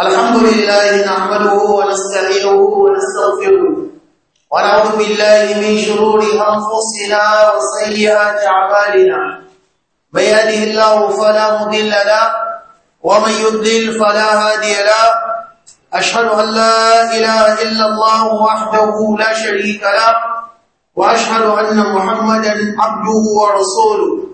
الحمد لله نحمده ونستعينه ونستغفره ونعوذ بالله من شرور انفسنا وسيئات اعمالنا من يهده الله فلا مضل له ومن يضلل فلا هادي له اشهد ان لا اله الا الله وحده لا شريك له واشهد ان محمدا عبده ورسوله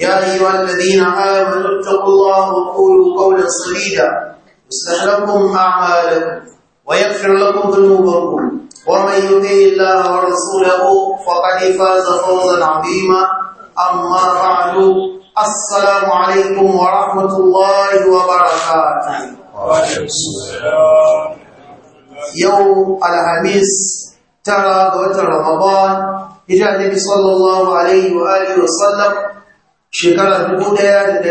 يا أيها الذين آمنوا اتقوا الله وقولوا قولا سديدا يصلح لكم أعمالكم ويغفر لكم ذنوبكم ومن يطع الله ورسوله فقد فاز فوزا عظيما أما بعد السلام عليكم ورحمة الله وبركاته يوم الخميس ترى وتر رمضان إلى النبي صلى الله عليه وآله وسلم shekara 1447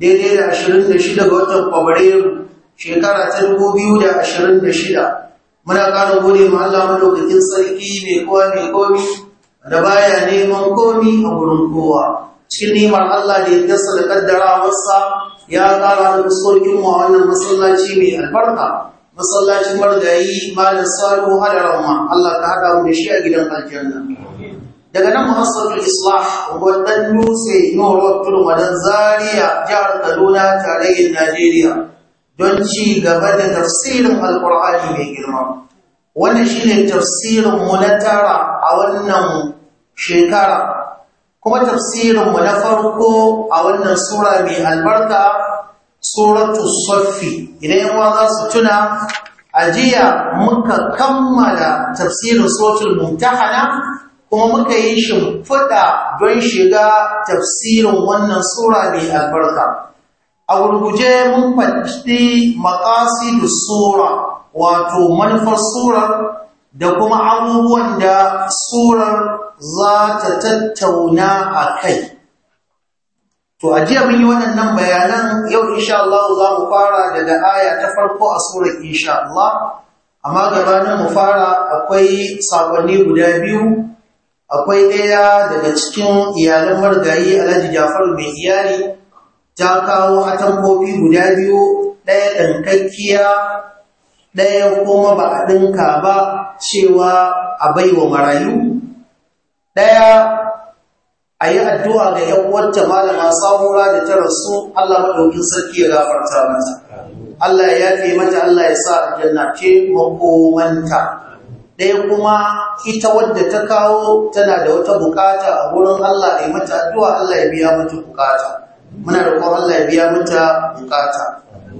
daidai da 26 ga watan Fabrairu shekara ta 2026 muna ƙara gode ma Allah madaukakin sarki mai kowa mai komi da baya neman komi a wurin kowa cikin neman Allah da ya dasa da kaddara masa ya ƙara da mu a wannan masallaci mai albarka masallacin margayi malam da hadarama Allah ta haɗa mu da shi a gidan aljanna daga nan muhassarul islah unguwar nutse noro tudun wadan zaria jihar kaduna tarayyar najeriya don ci gaba da tafsirin alkur'ani mai girma wannan shine tafsirin mu na tara a wannan shekara kuma tafsirin mu na farko a wannan sura mai albarka suratu soffi idan yawa za su tuna ajiya muka kammala tafsirin suratul mutahana kuma muka yi shimfiɗa don shiga tafsirin wannan sura mai albarka. A gurguje mun faɗi da sura wato manufar surar da kuma abubuwan da surar za ta tattauna a kai. To, a jiya mun yi waɗannan bayanan yau insha Allah za mu fara daga aya ta farko a surar insha Allah, amma gabanin mu fara akwai saƙonni guda biyu akwai ɗaya daga cikin iyalan margayi alhaji jafar mai iyali ta kawo kofi guda biyu ɗaya ɗankakkiya ɗaya kuma ba a ɗinka ba cewa a baiwa marayu ɗaya a yi addu'a ga ‘yan'uwanta malama samura da ta rasu Allah maɗaukin sarki ya gafarta mata Allah ya yafe mata Allah ya sa jannace manta ɗaya kuma ita wadda ta kawo tana da wata bukata a wurin Allah ya mata addu'a Allah ya biya mata bukata muna da kuma Allah ya biya mata bukata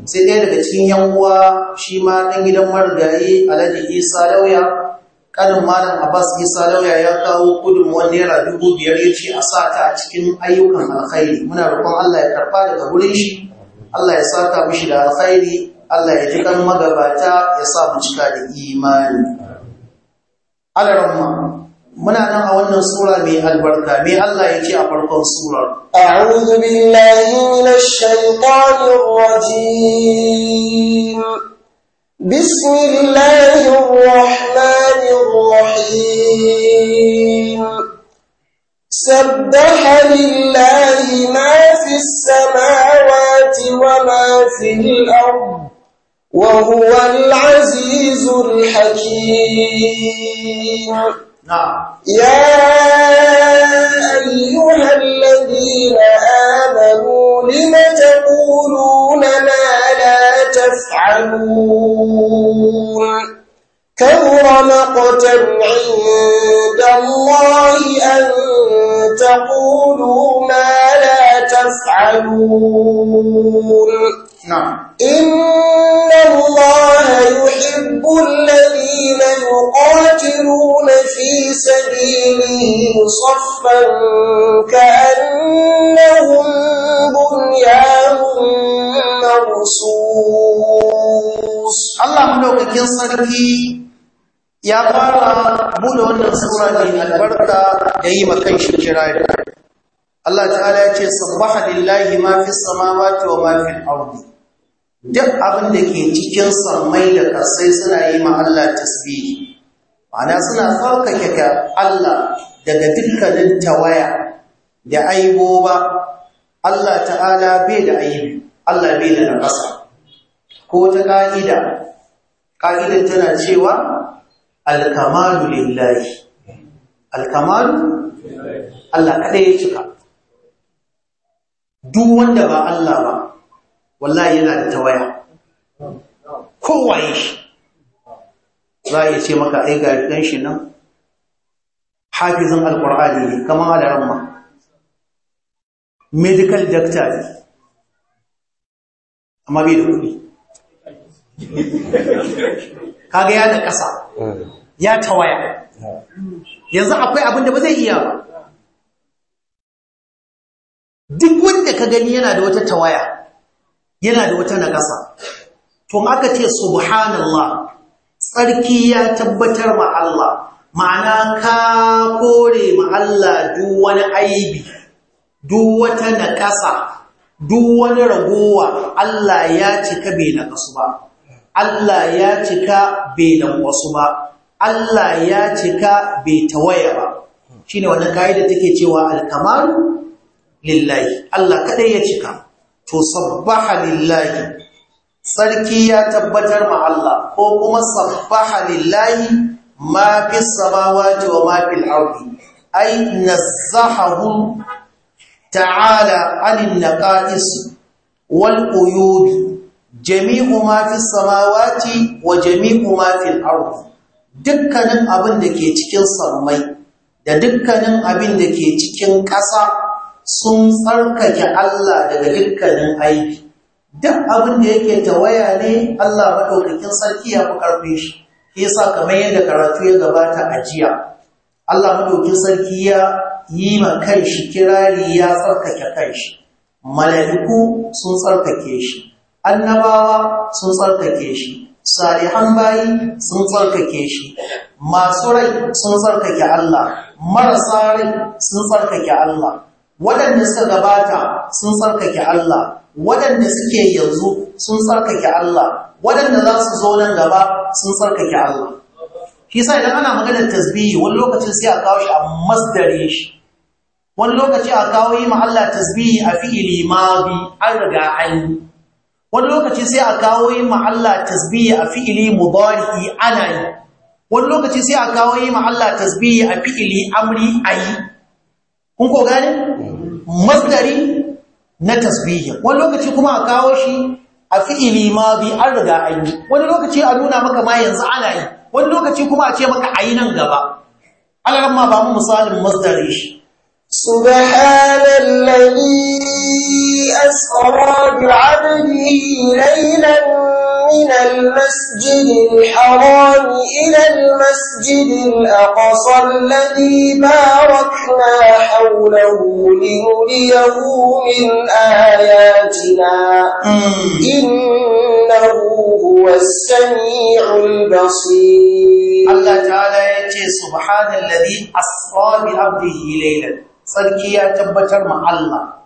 sai ɗaya daga cikin yan uwa shi ma ɗan gidan marigayi Alhaji Isa Lauya kanin malam Abbas Isa Lauya ya kawo wani naira dubu biyar ya ce a sa ta a cikin ayyukan alkhairi muna da kuma Allah ya karɓa daga wurin shi Allah ya sa saka mishi da alkhairi Allah ya ji kan magabata ya sa mu cika da imani alarma muna nan a wannan sura mai albarka mai Allah ya ce a farkon surar a'udhu billahi minash shaitanir rajim bismillahir rahmanir rahim sabbaha lillahi ma fis samawati wa ma fil ardh وهو العزيز الحكيم نعم يا أيها الذين آمنوا لم تقولون ما لا تفعلون كبر مقتا عند الله أن تقولوا ما لا تفعلون إن الله يحب الذين يقاتلون في سبيله صفا ya fara buɗe wannan sura ne albarka da yi makan shi kirari Allah ta'ala ya ce subbaha lillahi ma fis samawati wa ma fil duk abin da ke cikin sammai da kasai suna yi ma Allah tasbihi ana suna tsarkake ga Allah daga dukkanin tawaya da aibo ba Allah ta'ala bai da aibi Allah bai da nakasa ko ta ka'ida ka'idan tana cewa alkamalu lillahi alkamalu Allah kada ya cika duk wanda ba Allah ba wallahi yana da tawaya kowaye shi za a iya ce maka ai ga ɗan shi nan hafizin Alƙur'ani ne kamar al'amma ma medical doctor ne amma bai da kuɗi kaga ya da ƙasa ya tawaya yanzu akwai abin da ba zai iya ba duk wanda ka gani yana da wata tawaya yana da wata naƙasa to aka ce subhanallah tsarki ya tabbatar ma Allah ma'ana ka kore ma Allah duk wani aibi duk wata naƙasa duk wani ragowa Allah ya cika bai naƙasu ba Allah ya cika bai wasu ba Allah ya cika bai tawaya ba shine wannan kaida take cewa alkamaru lillahi Allah kadai ya cika to sabbaha lillahi sarki ya tabbatar ma Allah ko kuma sabbaha lillahi ma fi samawati wa ma fil ardi ay nazahahu ta'ala anin naqais wal uyub jami'u ma fi samawati wa jami'u ma fil ardi dukkanin abin da ke cikin sammai da dukkanin abin da ke cikin ƙasa sun tsarkake Allah daga dukkanin aiki duk abin da yake tawaya ne Allah maɗaukakin sarki ya fi karfe shi sa kamar yadda karatu ya gabata a jiya Allah maɗaukakin sarki ya yi ma kai shi. kirari ya tsarkake kai shi. mala'iku sun tsarkake shi annabawa sun tsarkake shi salihan bayi sun tsarkake shi masu rai sun tsarkake Allah marasa rai sun tsarkake Allah waɗanda suka gabata sun tsarkake Allah waɗanda suke yanzu sun tsarkake Allah waɗanda za su zo nan gaba sun tsarkake Allah Kisa idan ana maganar tasbihi wani lokacin sai a kawo shi a masdare shi wani lokaci a kawo yi ma Allah tasbihi a fi'ili madi an riga an yi wani lokaci sai a kawo yi ma Allah tasbihi a fi'ili mudari ana yi wani lokaci sai a kawo yi ma Allah tasbihi a fi'ili amri yi. kun ko gane masdari na tasbihi wani lokaci kuma a kawo shi a fi'ili ilimabi an riga an yi wani lokaci a nuna maka ma yanzu ana yi wani lokaci kuma a ce maka ayi nan gaba alaramma ba mu misalin masdari shi subhanallahi أسرى بعبده ليلا من المسجد الحرام إلى المسجد الأقصى الذي باركنا حوله لنريه من آياتنا إنه هو السميع البصير الله تعالى يأتي سبحان الذي أسرى بعبده ليلا صدقية يا تبتر مع الله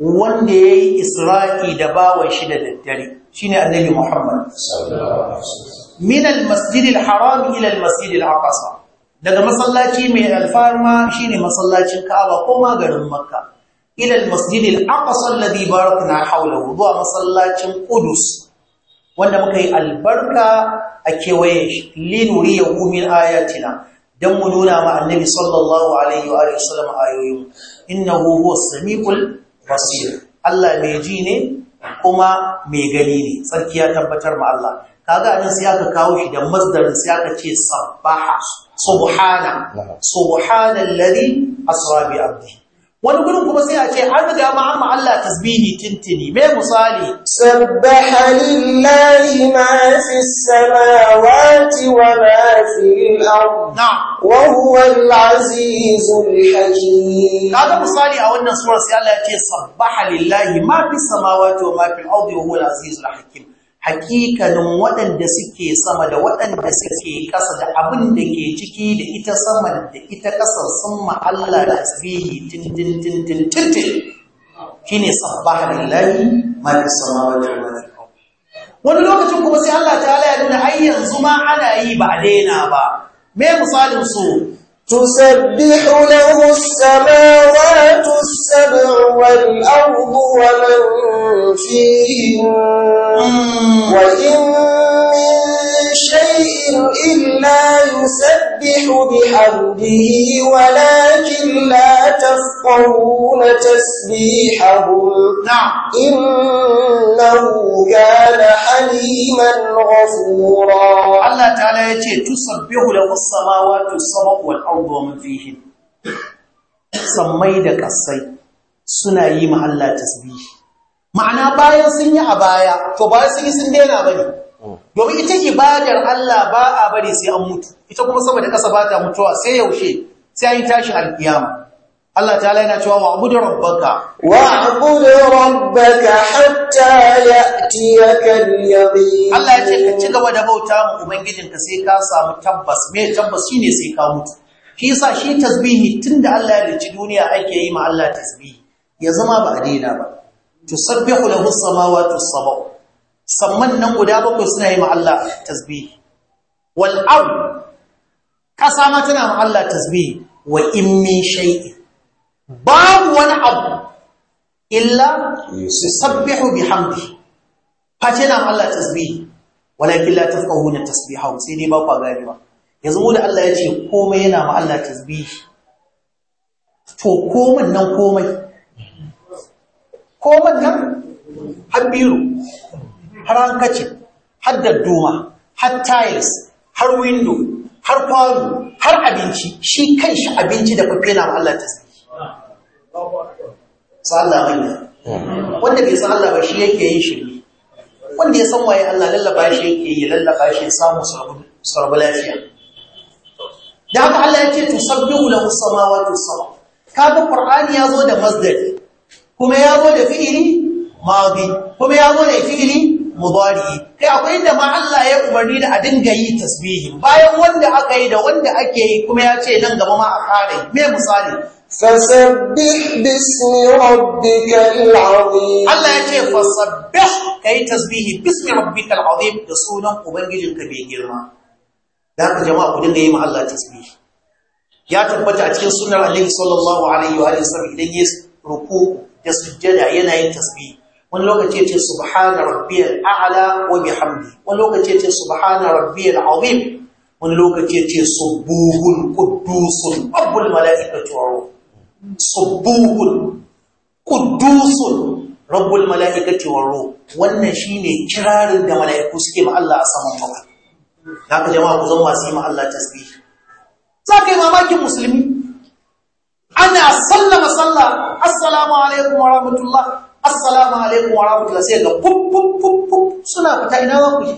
wanda ya yi isra'i da bawan shi da daddare shi ne annabi Muhammad. Minal masjidil haram ilal masjidil aqasa daga masallaci mai alfarma shi ne masallacin ka'aba ko magarin makka. Ilal masjidil aqasa na barakna hawlahu a masallacin Kudus. wanda muka yi albarka a kewayen shi linuri ya gumin ayatina don mu nuna ma annabi sallallahu alaihi wa sallam ayoyin innahu huwa samiul basir Allah mai ji ne kuma mai gani ne tsarki ya tabbatar ma Allah kaga nan sai aka kawo shi da masdarin sai aka ce subhana subhana alladhi asra bi abdi wani gurin kuma sai a ce an riga ma amma Allah tasbihi tintini me misali sabbaha lillahi ma fi samawati wa ma fil ard wa huwa al-azizul hakim kaga misali a wannan sura sai Allah ya ce sabbaha lillahi ma fi samawati wa ma fil ard wa huwa al-azizul hakim Hakikanin waɗanda suke sama da waɗanda suke ƙasa da abin da ke ciki da ita sama da ita ƙasa sun ma'alla da tsibiri tintintintintintin shi ne sabbaha lillahi mafi sama wa malik wani lokacin kuma sai Allah ta ya nuna ai yanzu ma ana yi ba daina ba me misalin su تسبح له السماوات السبع والأرض ومن فيهن وإن من شيء إلا يسبح بحمده ولكن لا تفقهون تسبيحهم نعم إنه كان حليما غفورا الله تعالى يتي تسبح له السماوات السبع والأرض ومن فيهن sammai da ƙasai suna yi ma Allah tasbihi ma'ana bayan sun yi a baya to bayan sun yi sun daina bane domin ita ibadar Allah ba a bari sai an mutu ita kuma sama da ƙasa ba ta mutuwa sai yaushe sai an yi tashin alkiyama Allah ta'ala yana cewa wa rabbaka wa rabbaka hatta ya'tiyaka al-yaqin Allah ya ce ka ci gaba da bauta mu ka sai ka samu tabbas me tabbas shine sai ka mutu shi yasa shi tasbihi tunda Allah ya rici duniya ake yi ma Allah tasbihi ya zama ba a daina ba tusabbihu lahu as-samawati was-sab'u samman nan guda bakwai suna yi ma Allah tasbihi wal ard ma tana ma Allah tasbihi wa in min shay'in babu wani abu illa su yusabbihu bihamdihi face na ma Allah tasbihi walakin la tafqahuna tasbihahum sai dai ba ku gane ba yanzu mu da Allah ya ce komai yana ma Allah tasbihi to komai nan komai komai nan habbiru har hankacin har dadduma har tiles har window har kwano har abinci shi kan shi abinci da kwafe na Allah ta sai Allah wanda wanda bai san Allah ba shi yake yin shi wanda ya san waye Allah lallaba shi yake yi lallaba shi samu sarbu lafiya da haka Allah ya ce tusabbihu lahu samawati sama kaga qur'ani ya zo da masdar kuma ya zo da fi'ili madi kuma ya zo da fi'ili mudari kai akwai inda ma Allah ya umarni da a dinga yi tasbihi bayan wanda aka yi da wanda ake yi kuma ya ce nan gaba ma a kare me misali fasabbih bismi rabbikal azim Allah ya ce fasabbih kai tasbihi bismi rabbikal azim da sunan ubangijin ka mai girma da haka jama'a ku dinga yi ma Allah tasbihi ya tabbata a cikin sunnar Annabi sallallahu alaihi wa sallam idan ya ruku da sujjada yana yin tasbihi wani lokaci ce subhana rabbiyal a'la wa bihamdi wani lokaci ce subhana rabbiyal azim wani lokaci ce subuhun quddusun rabbul malaikati wa ruh subuhun quddusun rabbul malaikati wa ruh wannan shine kirarin da malaiku suke ma Allah a saman bakwai haka jama'a ku zama masu yi ma Allah tasbih za kai mamakin musulmi ana sallama sallah assalamu alaikum wa rahmatullah assalamu alaikum wa rahmatullahi sai ga pup pup pup pup suna fita ina za ku je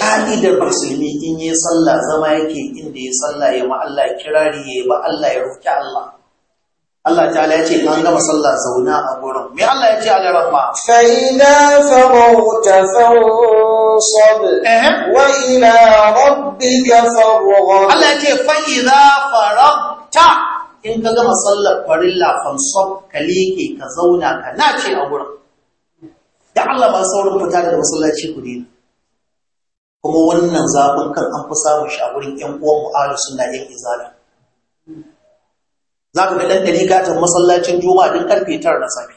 ka'idar musulmi in yi sallah zama yake inda ya sallah ya ma Allah kirari ya ba Allah ya roki Allah Allah ta'ala ya ce an gama sallah zauna a gurin me Allah ya ce a larama fa idza fawta fansab wa ila rabbika farghab Allah ya ce fa idza faragta in ka gama sallar farilla fansab ka leke ka zauna ka nace a wurin da Allah ba saurin fita daga masallaci ku ne kuma wannan zafin kan an fi samun shi a wurin ƴan uwan mu'alu suna ƴan izali za ka ga ɗan ɗari masallacin juma'a duk ƙarfe tara na safe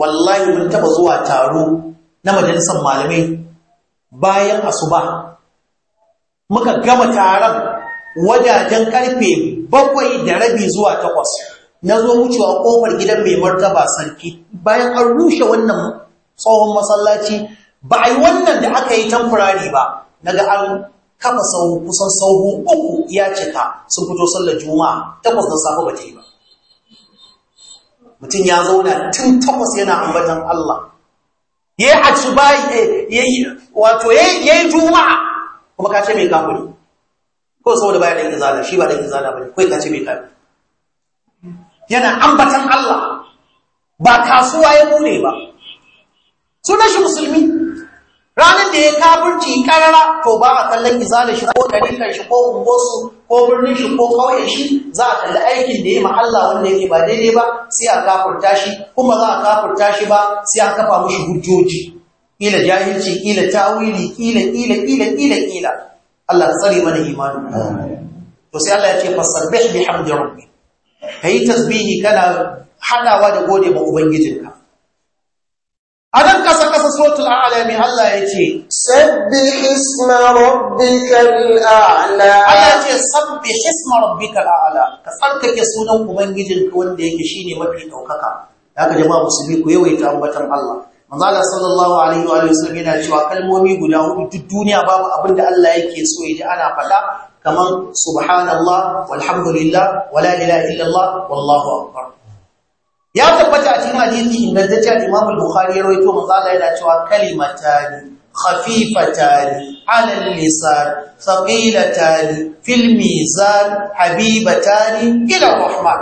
wallahi mun taɓa zuwa taro na majalisar malamai bayan asuba muka gama taron wajajen karfe bakwai da rabi zuwa takwas na zo wucewa kofar gidan mai martaba sarki bayan an rushe wannan tsohon masallaci ba a yi wannan da aka yi tamfurari ba na ga an kafa sau kusan sauhu uku ya cika sun fito sallar juma'a takwas na safe ba ta yi ba mutum ya zauna tun takwas yana ambatan Allah ya yi a wato ya yi juma'a kuma ka ce mai kafuri ko saboda baya dan izala shi ba dan izala bane kai ce mai kai yana ambatan Allah ba kasuwa ya bude ba sunan shi musulmi ranar da ya kafirci karara to ba a kallon izala shi ko dariƙar shi ko ungosu ko birnin shi ko kauyen shi za a kalli aikin da ya ma Allah wanda yake ba daidai ba sai a kafurta shi kuma za a kafurta shi ba sai a kafa mishi hujjoji ila jahilci kila tawili ila ila ila ila, ila. Allah ka tsare mana imani to sai Allah ya ce fasabbih bihamdi rabbik kai tasbihi kana hadawa da gode ma ubangijinka adan kasa kasa suratul a'lami Allah ya ce sabbih isma rabbikal a'la Allah ya ce sabbih isma rabbikal a'la ka tsarkake sunan ubangijinka wanda yake shine mafi daukaka haka jama'a musulmi ku yawaita ambatan Allah manzala sallallahu alaihi wa sallam yana cewa kalmomi guda hudu duk duniya babu abin da Allah yake so ya ji ana faɗa kamar subhanallah walhamdulillah wala ilaha illallah wallahu akbar ya tabbata a cikin hadisi ta Imam al-Bukhari ya rawaito manzala yana cewa kalimatani خفيفتان على اللسان ثقيلتان في الميزان حبيبتان إلى الرحمن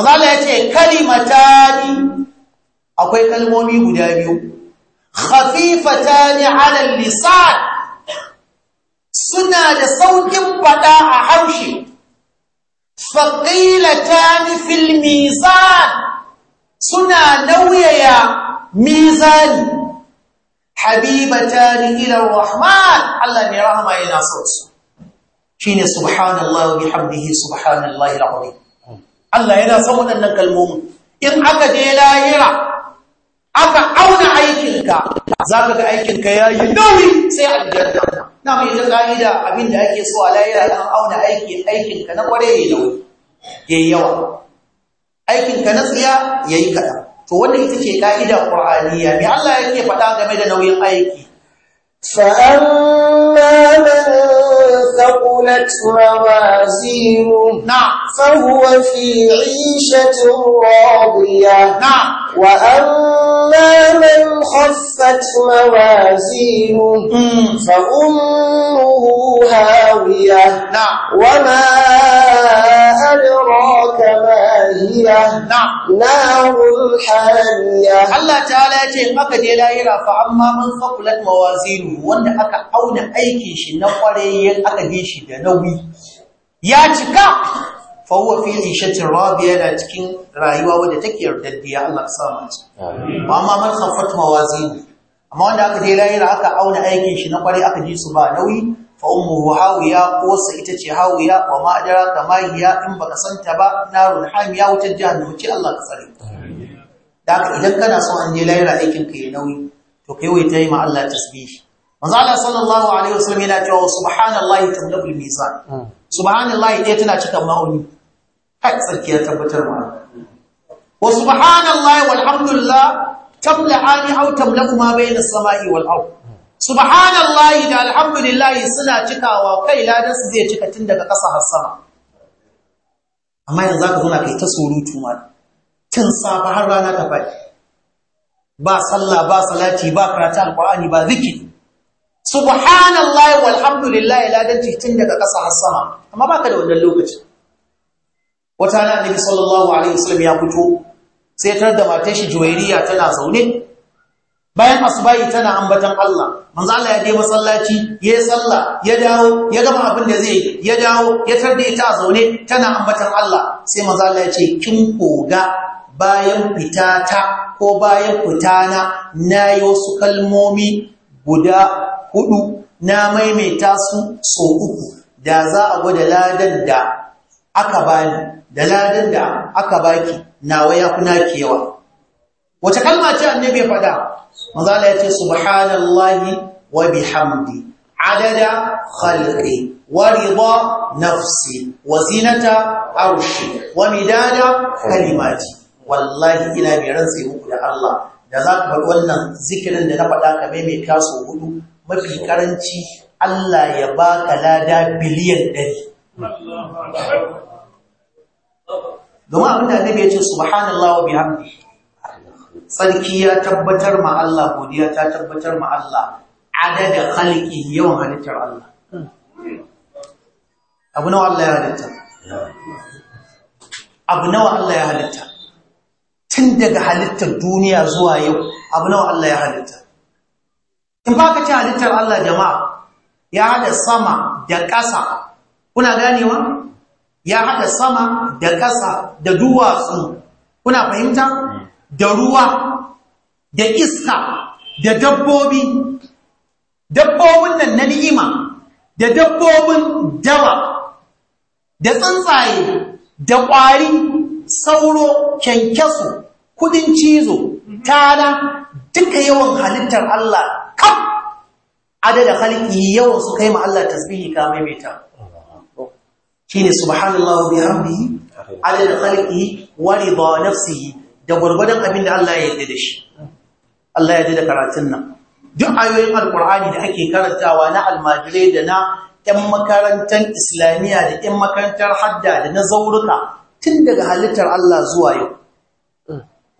ماذا يأتي كلمتان akwai kalmomi guda biyu khafifatan 'ala al-lisan suna da saukin fada a harshe faqilatan fil mizan suna nauyaya mizani ni ila rahman Allah ne rahama yana so su shine subhanallahi wa bihamdihi subhanallahi al-azim Allah yana son waɗannan kalmomin in aka je lahira aka auna aikinka za ka ga aikinka ya yi nauyi sai aljanna na mai ta ƙa'ida abin da ake so a layira don auna aikin aikinka na ƙware ya yi nauyi ya yi yawa aikinka na tsiya ya yi kaɗan to wanda ita ce ƙa'ida ƙur'aniya mai Allah yake faɗa game da nauyin aiki fa'amma ثقلت موازينه نعم فهو في عيشة راضية نعم وأما من خفت موازينه فأمه هاوية نعم وما أدراك ما هي نعم نار حامية الله تعالى يقول مكة لا يرى فأما من ثقلت موازينه وأن أكا أون أيكي شنقل aka ɗabi'in shi da nauyi ya cika fa huwa fi ishatin rabiya cikin rayuwa wadda take yardaddiya Allah sa amma man khaffat mawazin amma wanda aka dai layira aka auna aikin shi na kware aka ji su ba nauyi fa ummuhu hawiya ko sa ita ce hawiya wa ma adraka ma hiya in baka santa ba narun hamiya wutar jahannam ce Allah ka tsare da idan kana son an je layira aikin ka yi nauyi to kai wai tayi ma Allah tasbihi manzo sallallahu alaihi wasallam yana cewa subhanallahi tamlakul hmm. subhanallahi tana cika tsakiyar tabbatar ma wa subhanallahi walhamdulillah tamla ani aw tamlaku ma bayna as-sama'i wal subhanallahi da alhamdulillahi suna cikawa kai ladan su zai cika tun daga ƙasa har sama amma yanzu ka zo na kai ta surutu ma tun safa har rana ta faɗi ba sallah ba salati ba karatu alqur'ani ba zikiri subhanallahi walhamdulillahi ladan tun daga ƙasa har sama amma baka da wannan lokaci. wata na annabi sallallahu alaihi wasallam ya fito sai tar da matar shi juwairiya tana zaune bayan asubahi tana ambatan Allah manzo Allah ya je masallaci yayi sallah ya dawo ya gama abin da zai ya dawo ya tar da ita zaune tana ambatan Allah sai manzo Allah ya ce kin koga bayan fitata ko bayan fitana na yi wasu kalmomi guda hudu na maimaita su so uku da za a gwada ladan da aka bani da ladan da aka baki nawa ya kuna kewa wace kalma ce annabi ya faɗa manzala ya ce subhanallahi wa bihamdi adada khalqi ورضا نفسي وزينة عرشي ومداد kalimati Wallahi ina mai rantse muku da Allah da za ku bar wannan zikirin da na faɗa ka maimaita su hudu mafi karanci Allah ya ba ka lada biliyan ɗari domin abinda annabi ya ce subhanallah wa bihamdi tsarki ya tabbatar ma Allah godiya ta tabbatar ma Allah adada khalqi yawan halittar Allah abu nawa Allah ya halitta abu nawa Allah ya halitta tun daga halittar duniya zuwa yau abu nawa Allah ya halitta ka ce halittar Allah jama'a ya haɗa sama da ƙasa kuna ganewa ya haɗa sama da ƙasa da duwatsu kuna fahimta da ruwa da iska da dabbobi dabbobin nan na ni'ima da dabbobin dawa da tsuntsaye da ƙwari sauro kyankyaso kudin cizo tada. duka yawan halittar Allah kam adada halki yawan su kai ma Allah tasbihi ka maimaita shine subhanallahi bihamdihi adada halki wa rida nafsihi da gurgurdan abin da Allah ya yarda da shi Allah ya yarda da karatun nan duk ayoyin alkur'ani da ake karantawa na almajirai da na ‘yan makarantar islamiyya da ‘yan makarantar hadda da na zauruka tun daga halittar Allah zuwa yau,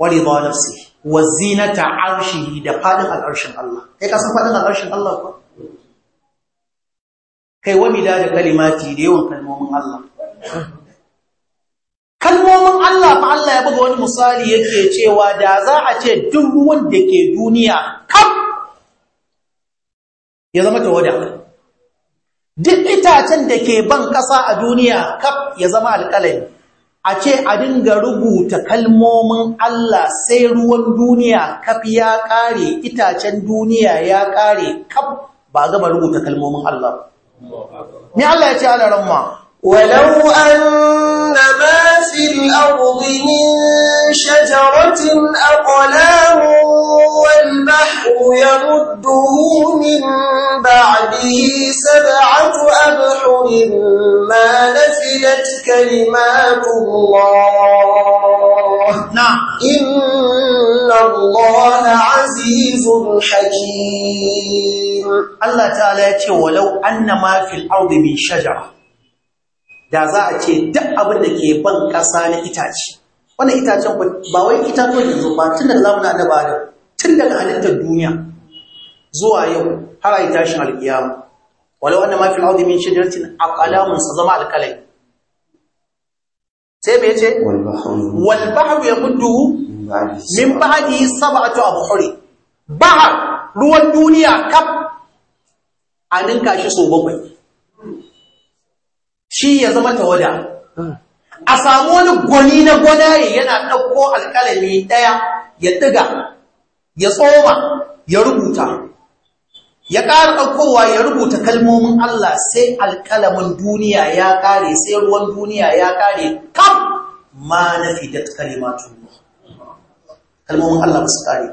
wari ba nafsihi. wa zinata arshihi da fadin al'arshin Allah kai ka san fadin al'arshin Allah ko kai wa da kalimati da yawan kalmomin Allah kalmomin Allah fa Allah ya buga wani misali yake cewa da za a ce duk ruwan da ke duniya kaf ya zama tawada duk itacen da ke ban kasa a duniya kaf ya zama alƙalami a ce a dinga rubuta kalmomin Allah sai ruwan duniya kaf ya ƙare itacen duniya ya ƙare kaf ba gama rubuta kalmomin Allah ni Allah ya ce ala ramma walau anna ma fil ardi shajaratin aqlam يمده من بعده سبعة أبحر ما نفدت كلمات الله نعم إن الله عزيز حكيم الله تعالى يقول ولو أن ما في الأرض من شجرة da za'a ce duk abin da ke ban ƙasa na itace wannan itacen ba wai itatuwan yanzu ba tun da zamanin annabawa tun daga halittar duniya zuwa yau har ai tashin alkiyama walau anna ma fil min shajaratin aqlamun sa zama alkalai sai me yace wal bahru mudu min ba'di sab'atu abhuri bahr ruwan duniya kaf ninka shi so bakwai shi ya zama tawada a samu wani gwani na gwanare yana ɗauko alƙalami ɗaya ya ɗiga ya tsoma ya rubuta ya ƙara ɗaukowa ya rubuta kalmomin Allah sai alƙalamin duniya ya ƙare sai ruwan duniya ya ƙare kam ma na fidat kalimatu kalmomin Allah ba su ƙare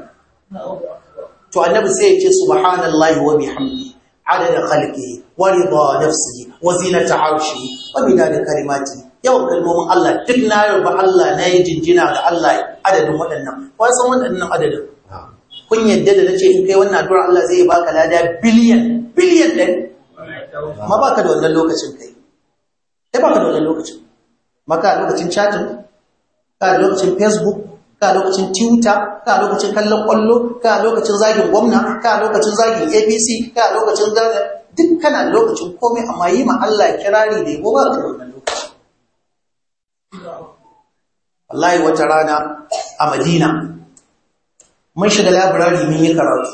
to annabi sai ya ce subhanallahi wa bihamdi adada khalqihi wa rida nafsihi wa zinata arshihi wa bidada kalimati. Yau kalmomin Allah duk na yarba Allah na yi jinjina ga Allah adadin waɗannan wasan waɗannan adadin kun yadda da nace in kai wannan addu'a Allah zai baka lada biliyan biliyan din ma baka da wannan lokacin kai eh baka da wannan lokacin maka lokacin chatting ka lokacin facebook ka lokacin twitter, ka lokacin kallon kallo ka lokacin zagin gwamna ka lokacin zagin A.B.C, ka lokacin da duk kana lokacin komai amma yi ma Allah kirari da yabo ba ka wannan lokaci wallahi wata rana a madina mun shiga labirari mun yi karatu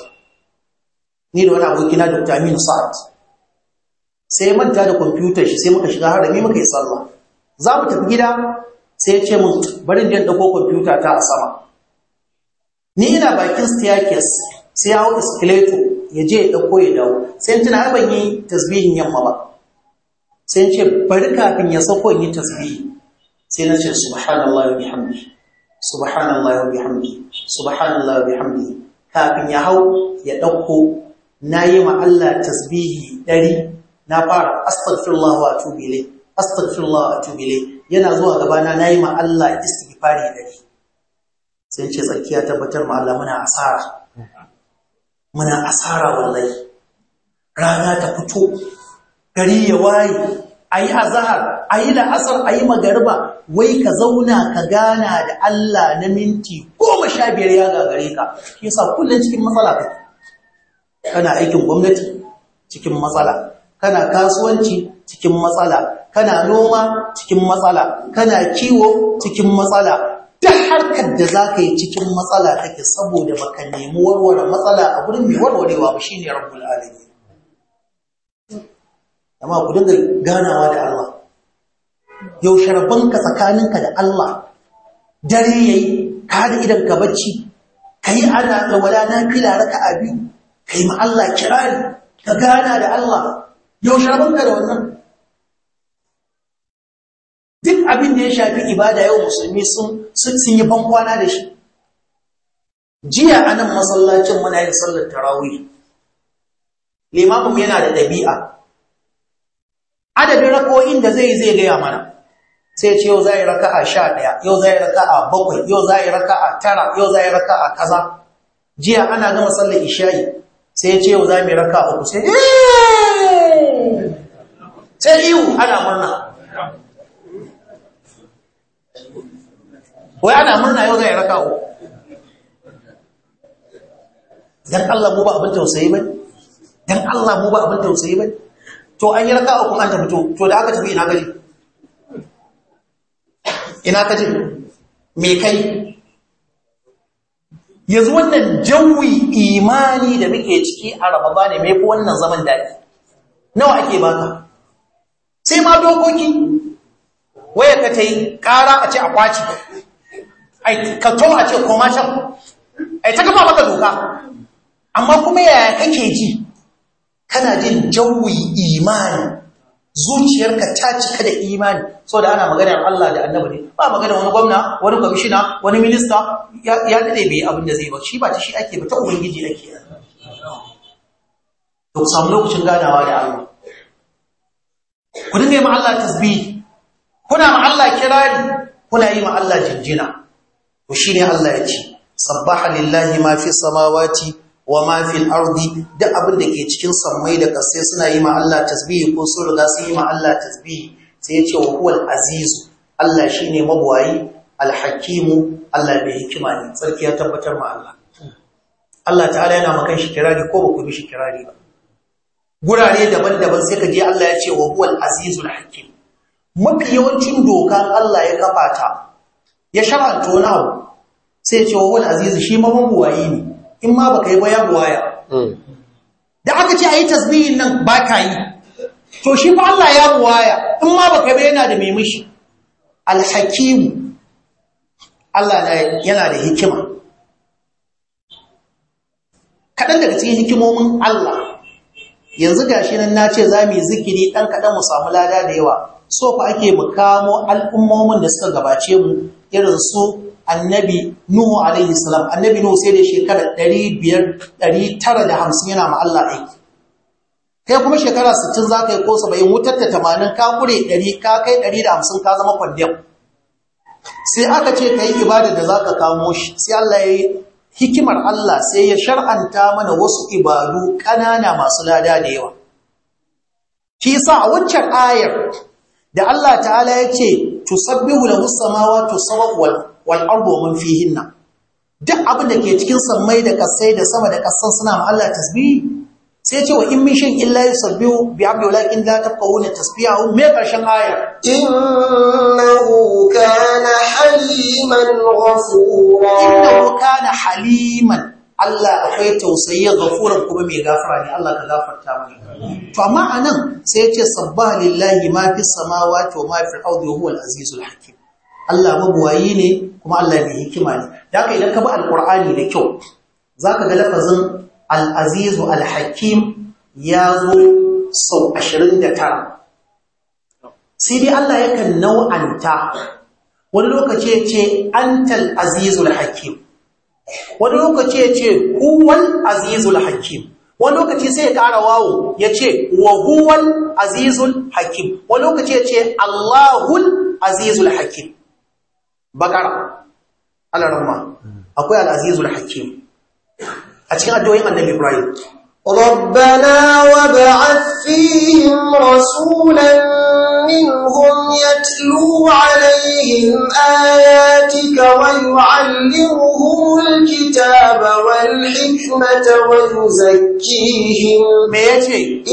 ni da wani abokina da aminu sa'ad sai manta da kwamfutar shi sai muka shiga harami muka yi sallah za mu tafi gida sai ya ce mun barin da ɗauko kwamfuta ta a sama ni ina bakin staircase sai ya hau escalator ya je ya ɗauko ya dawo sai in tuna ban yi tasbihin yamma ba sai in ce bari kafin ya sauko in yi tasbihi sai na ce subhanallah wa bihamdi subhanallah wa bihamdi subhanallah bihamdi kafin ya hau ya ɗauko na yi ma Allah tasbihi ɗari na fara astaghfirullah wa atubu ilai astaghfirullah wa atubu ilai yana zuwa gabana na yi ma Allah istighfari dari. sai ce tsakiya tabbatar ma Allah muna asara muna asara wallahi rana ta fito gari ya waye a yi azahar a yi la'asar a yi magariba wai ka zauna ka gana da Allah na minti goma sha biyar ya gagare ka yasa kullum cikin matsala ka kana aikin gwamnati cikin matsala kana kasuwanci cikin matsala kana noma cikin matsala kana kiwo cikin matsala duk harkar da za ka yi cikin matsala take saboda baka nemi warware matsala a gurin mai warwarewa ba shine rabbul alamin amma ku dinga ganawa da Allah yau ka tsakaninka da Allah dare yayi ka da idan ka bacci kai ana wala na fila raka abi kai ma Allah kirani ka gana da Allah yau ka da wannan duk abin da ya shafi ibada yau musulmi sun sun yi bankwana da shi jiya anan masallacin muna yin sallar tarawih limamin yana da dabi'a adadin rako'in da zai zai gaya mana sai ce yau za yi a sha ɗaya yau za yi a bakwai yau za yi a tara yau za yi a kaza jiya ana gama sallar isha'i sai ce yau za mu raka'a uku sai sai iwu ana murna wai ana murna yau za yi raka'a uku dan Allah mu ba abin tausayi bai dan Allah mu ba abin tausayi bai to an yi raka uku an tafi to to da aka tafi ina kaji ina kaji me kai yanzu wannan jawi imani da muke ciki a rababa ne mai wannan zaman daɗi nawa ake baka sai ma dokoki waya ka ta yi ƙara a ce a kwaci a kato a ce komashin yi ta gaba maka doka amma kuma yaya kake ji kana jin jawi imani zuciyarka ta cika da imani so da ana magana Allah da annabi ne ba magana wani gwamna wani kwamishina wani minista ya dade bai abin da zai ba shi ba ta shi ake ba ta ubangiji ake to samu lokacin ganawa da Allah ku dinga yi ma Allah tasbih kuna ma Allah kirari kuna yi ma Allah jinjina to shine Allah ya ce sabbaha lillahi ma fi samawati wa ma fil ardi duk abin da ke cikin sammai da ƙasai suna yi ma Allah tasbihi ko sun riga sun yi ma Allah tasbihi sai ya ce wa huwal azizu Allah shine mabwayi alhakimu Allah bai hikima ne sarki ya tabbatar ma Allah Allah ta'ala yana makan shi kirari ko ba ku bi shi kirari ba gurare daban-daban sai ka je Allah ya ce wa huwal azizul hakim mafi yawancin doka Allah ya kafa ta ya shar'anta wani abu sai ya ce wa azizu shi ma mabuwayi ne in ma baka yi ba ya buwaya hmm. da aka ce a yi tasbihin nan ba ka yi to shi fa Allah ya buwaya in ma baka yi ba yana da mai mishi alhakimu Allah yana da hikima kaɗan daga cikin hikimomin Allah yanzu gashi nan na ce za mu yi zikiri ɗan kaɗan mu samu lada da yawa so fa ake mu kamo al'ummomin da suka gabace mu irin su annabi Nuhu alaihi salam annabi Nuhu sai da shekara 500 yana ma Allah aiki kai kuma shekara 60 zaka yi ko 70 wutar ta 80 ka kure 100 ka kai 150 ka zama kwandiyam sai aka ce ka yi ibadar da zaka kamo shi sai Allah ya hikimar Allah sai ya shar'anta mana wasu ibadu ƙanana masu lada da yawa Kisa, a wancan ayar da Allah ta'ala ya ce tusabbihu lahu samawati wal wal ardu wa man fihinna duk abin da ke cikin sammai da kasai da sama da kasan suna ma Allah tasbihi sai ce wa in min shin illa yusabbihu bi abdi walakin la tafqahuna tasbihahu me karshen aya innahu kana haliman ghafura innahu kana haliman Allah akwai tausayi gafuran kuma mai gafara ne Allah ka gafarta mana to amma anan sai yace sabbaha lillahi ma fi samawa wa ma fi al-ardi wa huwa al hakim Allah mabuwayi ne kuma Allah mai hikima ne da haka idan ka bi al'ƙur'ani da kyau zaka ga lafazin al-azizu al-hakim ya zo sau ashirin tara. sai dai Allah yakan nau'anta wani lokaci yace antal azizul hakim wani lokaci ya ce huwal azizul hakim wani lokaci sai ya ƙara wawo ya ce wa huwal azizul hakim wani lokaci ya ce allahul azizul hakim bakara alarma akwai al'azizul hakim a cikin addu'o'in annabi ibrahim ربنا وابعث فيهم رسولا منهم يتلو عليهم آياتك ويعلمهم الكتاب والحكمة ويزكيهم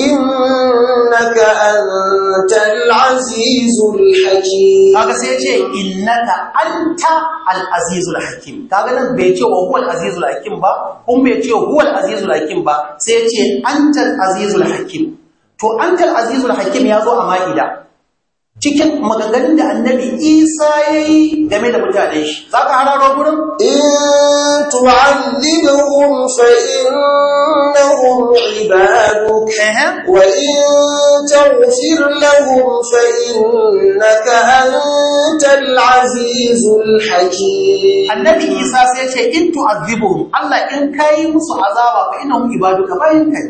إنك أنت العزيز الحكيم هذا سيجي إنك أنت العزيز الحكيم هذا بيتي وهو العزيز الحكيم با هم بيتي وهو العزيز الحكيم با سيجي أنت العزيز الحكيم to antal azizul hakim ya zo a ma'ida cikin maganganun da annabi isa ya yi game da mutane shi za ka hararo gurin? in tu'allibhum fa innahum ibaduk wa in taghfir lahum fa innaka antal azizul hakim annabi isa sai ya ce in tu'adhibhum Allah in kai musu azaba fa innahum ibaduka bayan kai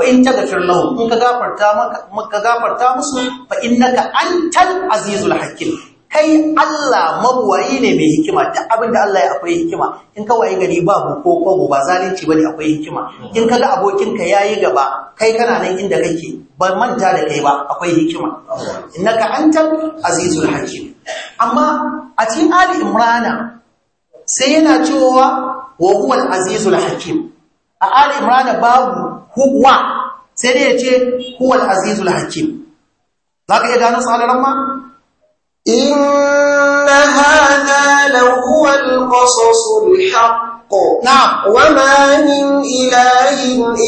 wa in taghfir lahum in ka gafarta maka gafarta musu fa innaka antal azizul hakim kai Allah mabuwayi ne mai hikima duk abinda Allah ya akwai hikima in ka waye gari babu ko ko ba zalunci bane akwai hikima in kaga abokinka yayi gaba kai kana nan inda kake ba manta da kai ba akwai hikima innaka antal azizul hakim amma a cikin ali imrana sai yana cewa wa huwal azizul hakim a ali imran babu huwa sai dai yace al azizul hakim zaka iya gano tsarin ma inna hadha law huwal qasasul haqq نعم وما من إله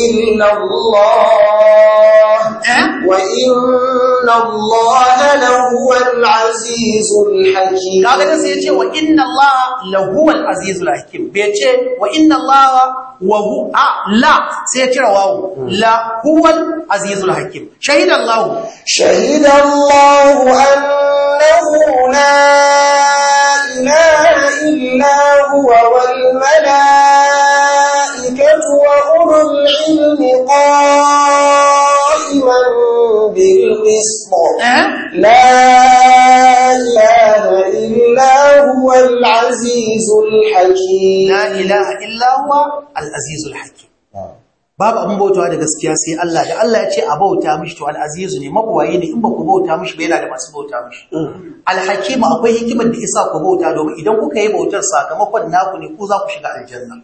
إلا الله أه؟ وإن الله لهو العزيز الحكيم هذا كان سيجي وإن الله لهو العزيز الحكيم بيجي وإن الله وهو آه لا سيجي رواه لا هو العزيز الحكيم شهد الله شهد الله أنه لا إله إلا هو والملائكة الملائكة وأولو العلم قائما بالقسط لا إله إلا هو العزيز الحكيم لا إله إلا هو العزيز الحكيم نعم. babu abin bautawa da gaskiya sai Allah da Allah ya ce a bauta mishi to al'azizu ne mabuwaye ne in ba ku bauta mishi ba yana da masu bauta mishi mm. Alhakima akwai hikimar da isa ku bauta domin idan kuka yi bautar sakamakon naku ne ku za ku shiga aljanna mm.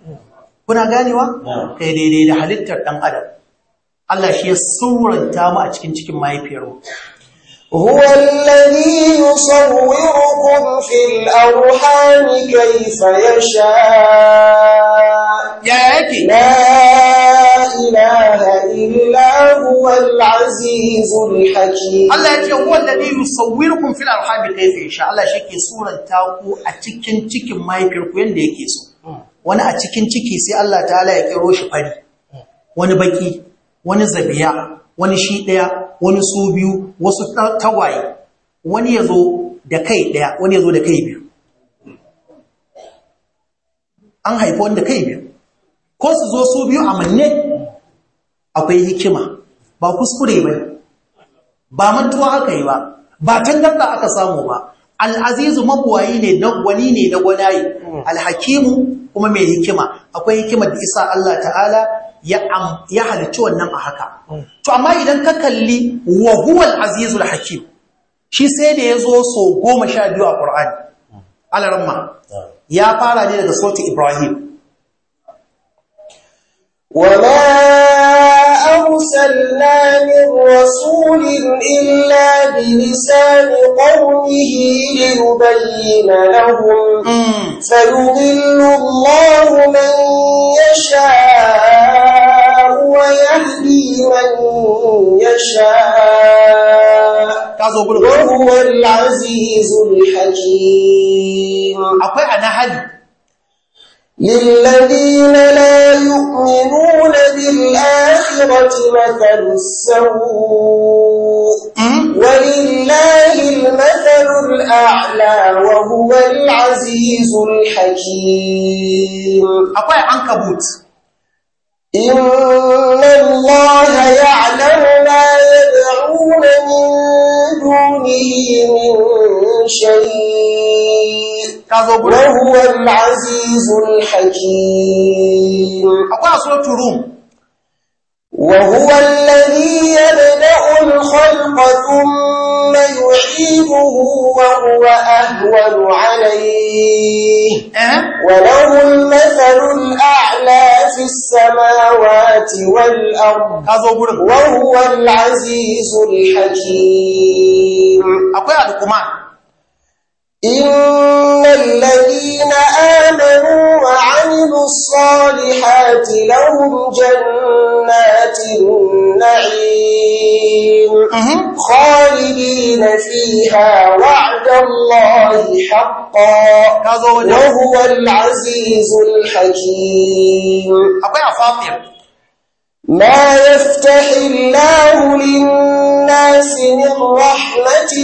kuna ganewa mm. kai daidai da halittar dan adam Allah shi ya suranta mu a cikin cikin mahaifiyarmu هو الذي يصوركم في الأرحام كيف يشاء لا إله إلا هو العزيز الحكيم الله يجي هو الذي يصوركم في الأرحام كيف يشاء الله شكي سورة تاكو cikin تكن ما يكركو يندي so. wani a cikin ciki sai Allah ta'ala ya kiro shi fari wani baki wani zabiya wani shi daya wani su biyu wasu tagwaye wani yazo da kai daya wani yazo da kai biyu an haifi wanda kai biyu ko su zo su biyu a manne akwai hikima ba kuskure ba ba mantuwa aka yi ba ba tangarda aka samu ba al'azizu mabuwayi ne na gwani ne na gwanayi alhakimu kuma mai hikima akwai hikima da isa Allah ta'ala ya halicci wannan a haka to amma idan ka kalli wa huwa al'azizu alhakim shi sai da ya zo so goma sha biyu a ƙur'ani alarma ya fara ne daga sautin ibrahim أرسلنا من رسول إلا بلسان قومه ليبين لهم فيضل الله من يشاء ويهدي من يشاء وهو العزيز الحكيم أقول أنا للذين لا يؤمنون بالآخرة مثل السوء ولله المثل الأعلى وهو العزيز الحكيم أقوى عنكبوت وهو العزيز الحكيم أقول سورة روم وهو الذي يبدأ الخلق ثم يعيده وهو أهون عليه أه؟ وله المثل الأعلى في السماوات والأرض وهو العزيز الحكيم أقول لكم إن الذين آمنوا وعملوا الصالحات لهم جنات النعيم خالدين فيها وعد الله حقا وهو العزيز الحكيم ما يفتح الله للناس للناس من رحمة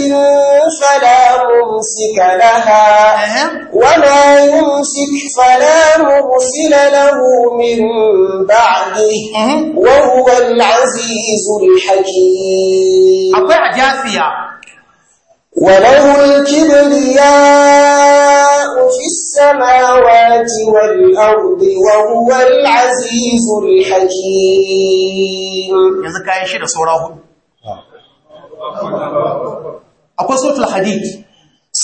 فلا ممسك لها وما يمسك فلا مرسل له من بعده وهو العزيز الحكيم أبع جاثية وله الكبرياء في السماوات والأرض وهو العزيز الحكيم يزكى يشير صورة Akwai Apostle Hadith.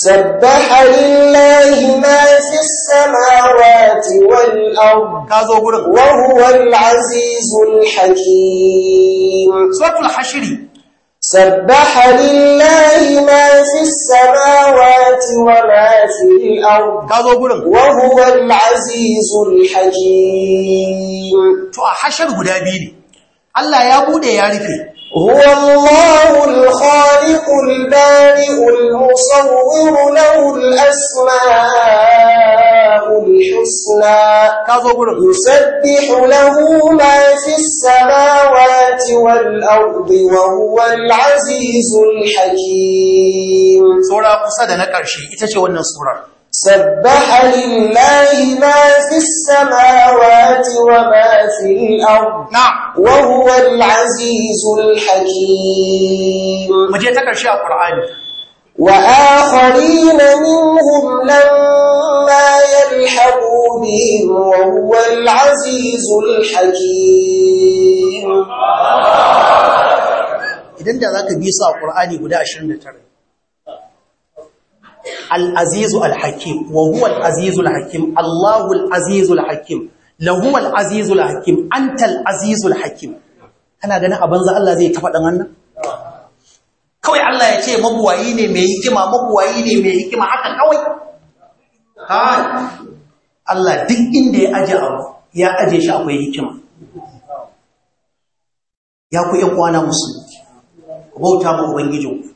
Sabbaha lillahi ma fi samawati wal ard wa huwa al azizul hakim. Suratul Hashr. Sabbaha lillahi ma fi samawati wa ma fi al ard wa huwa hakim. To a Hashr guda biyu. ne. Allah ya bude ya rufe هو الله الخالق البارئ المصور له الأسماء الحسنى يسبح له ما في السماوات والأرض وهو العزيز الحكيم سورة قصة نكرشي إتشي ونصورة سبح لله ما في السماوات وما في الأرض نعم وهو العزيز الحكيم مجيتك الشيء القرآن وآخرين منهم لما يلحقوا بهم وهو العزيز الحكيم إذن ذاك بيسا القرآن قد أشرنا ترى Al'azizu azizu al-hakim wa huwa al-azizu al-hakim Allahu al-azizu al-hakim lahu al-azizu al azizu al kana ganin a banza Allah zai tafa dan wannan kawai Allah ya ce mabuwayi ne mai hikima mabuwayi ne mai hikima haka kawai Ha! Allah duk inda ya aje abu ya aje shi akwai hikima ya ku ƴan kwana musulmi ku bauta ma ubangijinku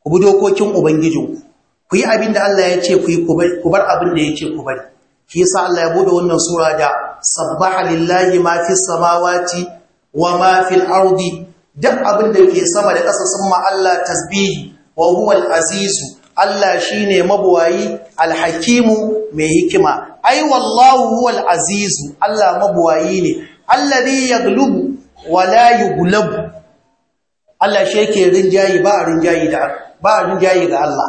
ku bi dokokin ubangijinku ku yi abin da Allah ya ce ku yi ku bar abin da ya ce ku bari shi yasa Allah ya bude wannan sura da sabbaha lillahi ma fi samawati wa ma fil ardi duk abin da ke sama da ƙasa sun ma Allah tasbihi wa huwa al-azizu Allah shine mabuwayi al-hakimu mai hikima ai wallahu huwa al-azizu Allah mabuwayi ne alladhi yaglubu wa la yuglabu Allah shi yake rinjayi ba a rinjayi da ba a rinjayi ga Allah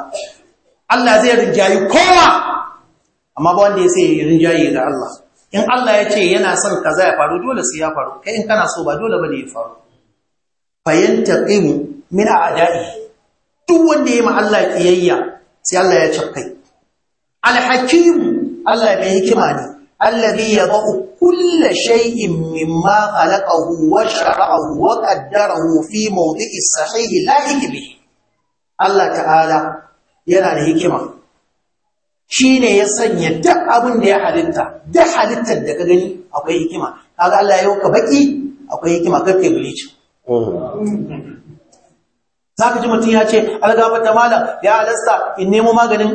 Allah zai rinjayi kowa amma ba wanda ya sai rinjaye ga Allah in Allah ya ce yana son kaza ya faru dole sai ya faru kai in kana so ba dole bane ya faru fayantaqim min a'da'i duk wanda ya ma Allah kiyayya sai Allah ya cakkai al Allah mai hikima ne alladhi yadau kull shay'in mimma khalaqahu wa shara'ahu wa qaddarahu fi mawdi'is sahih la Allah ta'ala yana da hikima shi ne ya sanya duk abin da ya halitta duk halittar da ka gani akwai hikima kaga Allah ya yauka baki akwai hikima karke ce. za ka ji mutum ya ce algabata da malam ya halasta in nemo maganin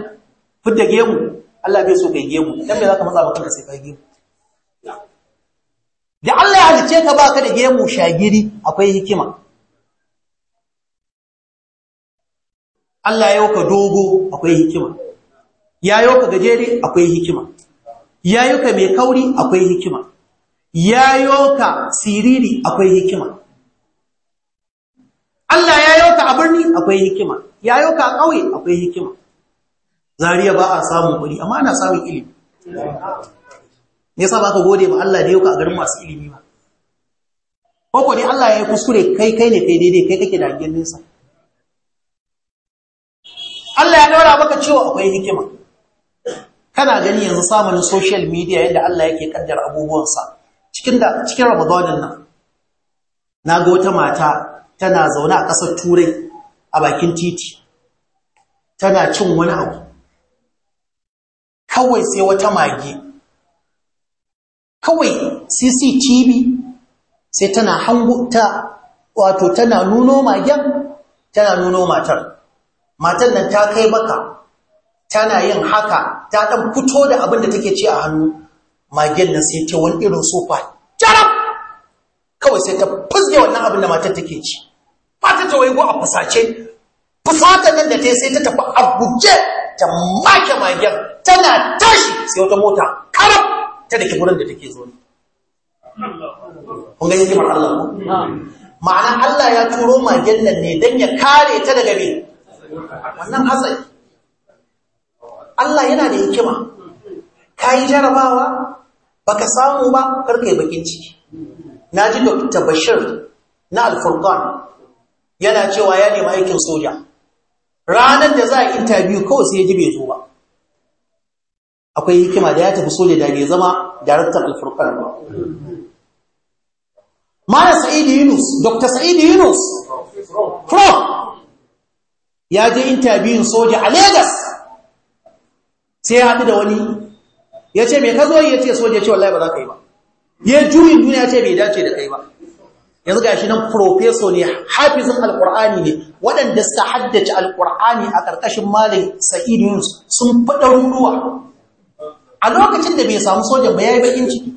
fidda gemu Allah bai so kai gemu dan bai za ka matsa bakin sai kai gemu da Allah ya halice ka baka da gemu shagiri akwai hikima Allah ya yauka dogo akwai hikima ya yauka gajere akwai hikima ya yauka mai kauri akwai hikima ya yauka siriri akwai hikima Allah ya yauka a birni akwai hikima ya yauka a ƙauye akwai hikima zariya ba a samun kuri, amma ana samun ilimi ne sa ba ka gode ba Allah da yauka a garin masu ilimi ba ko ne Allah ya yi kuskure kai kai ne kai daidai kai kake da hangen nesa Allah ya ɗaura maka cewa akwai hikima kana gani yanzu samun social media yadda Allah yake kaddar abubuwansa cikin da cikin Ramadan nan naga wata mata tana zaune a ƙasar Turai a bakin titi tana cin wani abu kawai sai wata mage kawai CCTV sai tana hango ta wato tana nuno magen tana nuno matar matan nan ta kai maka tana yin haka ta ɗan fito da abin da take ci a hannu magen nan sai ta wani irin sofa jarab kawai sai ta fusge wannan abin da matan take ci mata ta waigo a fasace fusata nan da ta sai ta tafi a guje ta make magen tana tashi sai wata mota karab ta dake gurin da take zo kun ga hikimar Allah ma'ana Allah ya turo magen nan ne dan ya kare ta daga me wannan hatsari Allah yana da hikima ka yi jarabawa baka samu ba karka yi bakin ciki na ji Dokta bashir na alfurkan yana cewa ya nema aikin soja ranar da za a intabiyu kawai sai ya ji bai zo ba akwai hikima da ya tafi soja da bai zama daraktan alfurkan ba Mala sa'idi Yunus, Dr. sa'idi Yunus, ya je intabiyun soja a Legas sai ya haɗu da wani ya ce mai ka zo ya ce soja ce wallahi ba za ka yi ba ya juyin duniya ce bai dace da kai ba yanzu ga shi nan profeso ne hafizin alkur'ani ne waɗanda suka haddace alkur'ani a ƙarƙashin malin sa'idu sun faɗa ruwa a lokacin da bai samu soja ba ya yi bakin ciki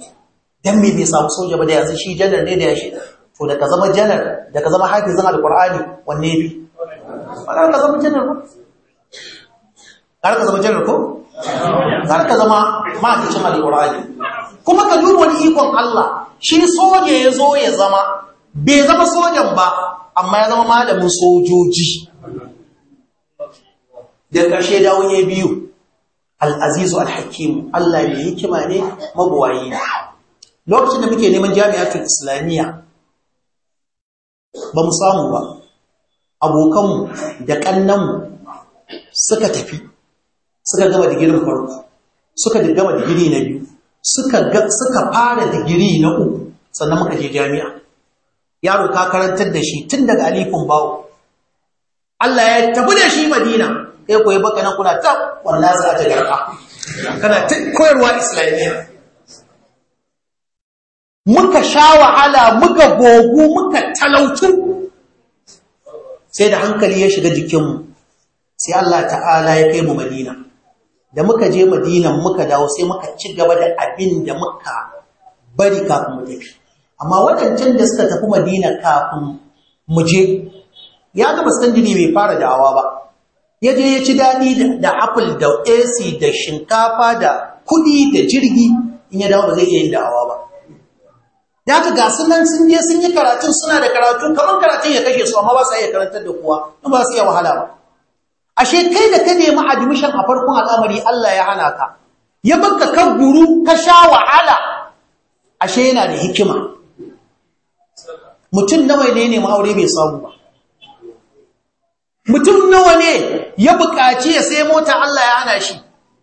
don me bai samu soja ba da yanzu shi janar ne da ya shi to daga zama janar daga ka zama hafizin alkur'ani wanne bi ka zama janar ko, ka zama ka zama makicin alƙur'ani kuma ka duba wani ikon Allah shi soja ya zo ya zama bai zama sojan ba amma ya zama malamin sojoji da ƙarshe dawo ya biyu al'azizu alhakimu Allah ne hikima ne mabuwayi ne lokacin da muke neman jami'atun islamiyya ba mu samu ba abokanmu da ƙannanmu suka tafi suka gama digirin farko suka gama digiri na biyu suka fara digiri na uku sannan muka je jami'a yaro ka karantar da shi tun daga alifin bawo Allah ya tabu da shi madina ya koyi baka na kuna ta wanda za ta garka kana koyarwa islamiyya muka sha wahala muka gogu muka talautu sai da hankali ya shiga jikinmu sai Allah ta'ala ya kai mu madina da muka je madina muka dawo sai muka ci gaba da abin da muka bari kafin mu tafi amma wadancan da suka tafi madina kafin mu je ya ga mustandini mai fara da'awa ba ya je ya ci daɗi da apple da ac da shinkafa da kudi da jirgi in ya dawo ba zai iya yin da'awa ba da ka ga sun je sun yi karatun suna da karatu kamar karatun ya kashe su amma ba sa iya karantar da kowa in ba su iya wahala ba ashe kai da ka nemi admission a farkon al'amari Allah ya hana ka ya baka kan guru ka sha wahala ashe yana da hikima mutum nawa ne ne aure bai samu ba mutum nawa ne ya buƙaci ya sai mota Allah ya hana shi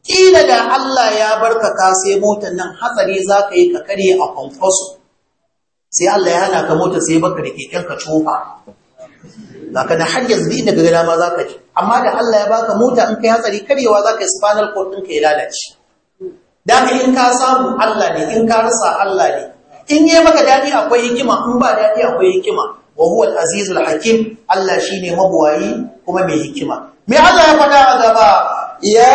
kila da Allah ya barka ka sai motar nan hatsari zaka yi ka karye a kwankwaso sai Allah ya hana ka mota sai baka da keken ka cofa zaka da har yanzu inda ga dama zaka ji amma da Allah ya baka mota in kai hatsari za ka yi spinal cord ɗinka ya lalace dan in ka samu Allah ne in ka rasa Allah ne in yi maka daɗi akwai hikima in ba daɗi akwai hikima wa huwa al hakim Allah shine mabuwayi kuma mai hikima me Allah ya faɗa a gaba ya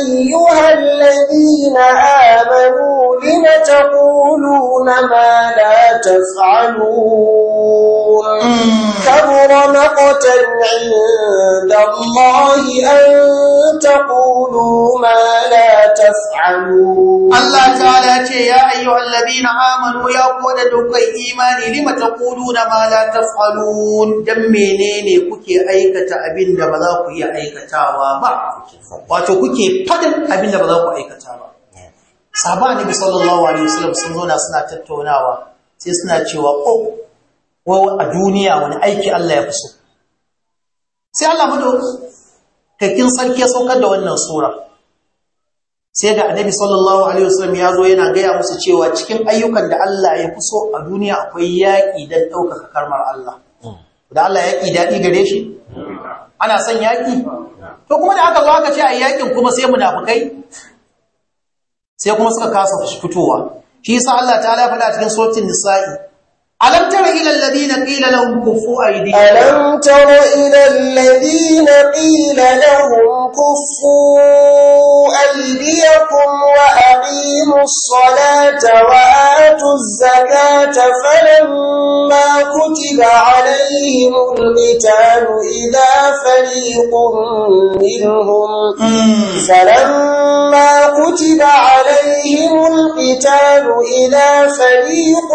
أيها الذين آمنوا لم تقولون ما لا تفعلون كبر مقتا عند الله أن تقولوا ما لا تفعلون الله تعالى يا أيها الذين آمنوا يا قد دكي إيماني لم تقولون ما لا تفعلون دمينيني كي kuke أبين abin da ba za ku faɗin abin da ba za ku aikata ba ne annabi sallallahu alaihi sallam sun zauna suna tattaunawa sai suna cewa ko oh, a duniya wani aiki Allah ya fi so sai Allah kakin sarki ya saukar da wannan sura sai da annabi sallallahu alaihi wasallam ya zo yana gaya musu cewa cikin ayyukan da Allah ya fi so a duniya akwai yaƙi don ɗaukaka karmar Allah mm. da Allah yaƙi daɗi gare shi ana son yaƙi to kuma da aka zo aka ce a yakin kuma sai munafukai sai kuma suka kasa fitowa shi yasa Allah ta'ala ya faɗa cikin suratul nisa'i ألم تر إلى الذين قيل لهم كفوا أيديكم ألم تر إلى الذين قيل لهم كفوا أيديكم وأقيموا الصلاة وآتوا الزكاة فلما كتب عليهم القتال إذا فريق منهم فلما كتب عليهم القتال إذا فريق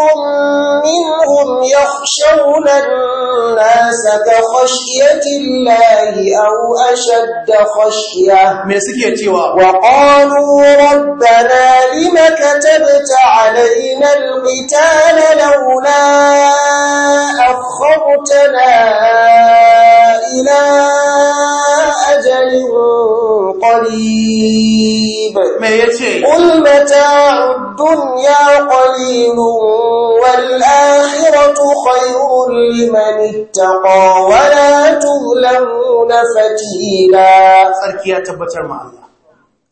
منهم أكثرهم يخشون الناس كخشية الله أو أشد خشية وقالوا ربنا لم كتبت علينا القتال لولا أخرتنا إلى أجل قريب قل متاع الدنيا قليل والآن الآخرة خير لمن اتقى ولا تظلمون فتيلا سركي تبتر مع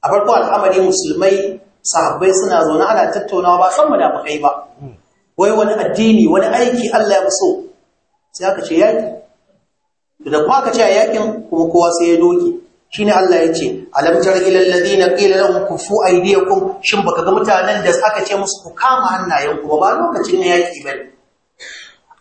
A أبرقوا al'amari, musulmai, sahabbai suna zaune ana tattaunawa ba kan munafikai ba wai wani addini wani aiki Allah ya so sai aka ce yaki da kuma aka ce a yakin kuma kowa sai ya doki shine Allah ya ce alam tara ilal ladina qila lahum kufu aydiyakum shin baka ga mutanen da aka ce musu ku kama hannayen ku ba lokacin ne yaki bane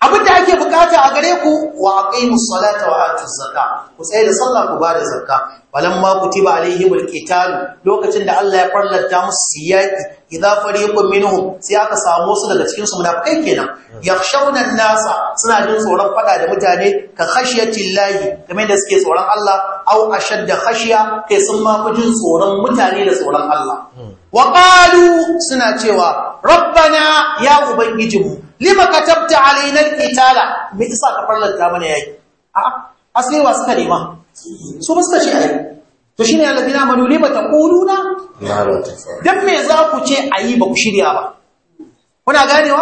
abin da ake bukata a gare ku wa aqimus salata wa atuz zakka ku tsaya da sallah ku ba da zakka walamma kutiba alaihimul qital lokacin da Allah ya farlanta musu siyaki idza fariqun minhum sai aka samu su daga cikin su munafikai kenan yakhshawna an-nasa suna jin tsoron fada da mutane ka khashiyatillahi kamar da suke tsoron Allah au ashadda khashiya kai sun ma fi jin tsoron mutane da tsoron Allah hmm. wa qalu suna cewa rabbana ya ubangijinmu lima katabta alaina alqitala me isa ka farlanta mana yaki a asai wa suka nema su ba suka ai to shine alladina amanu lima taquluna dan me za ku ce ayi ba ku shirya ba kuna ganewa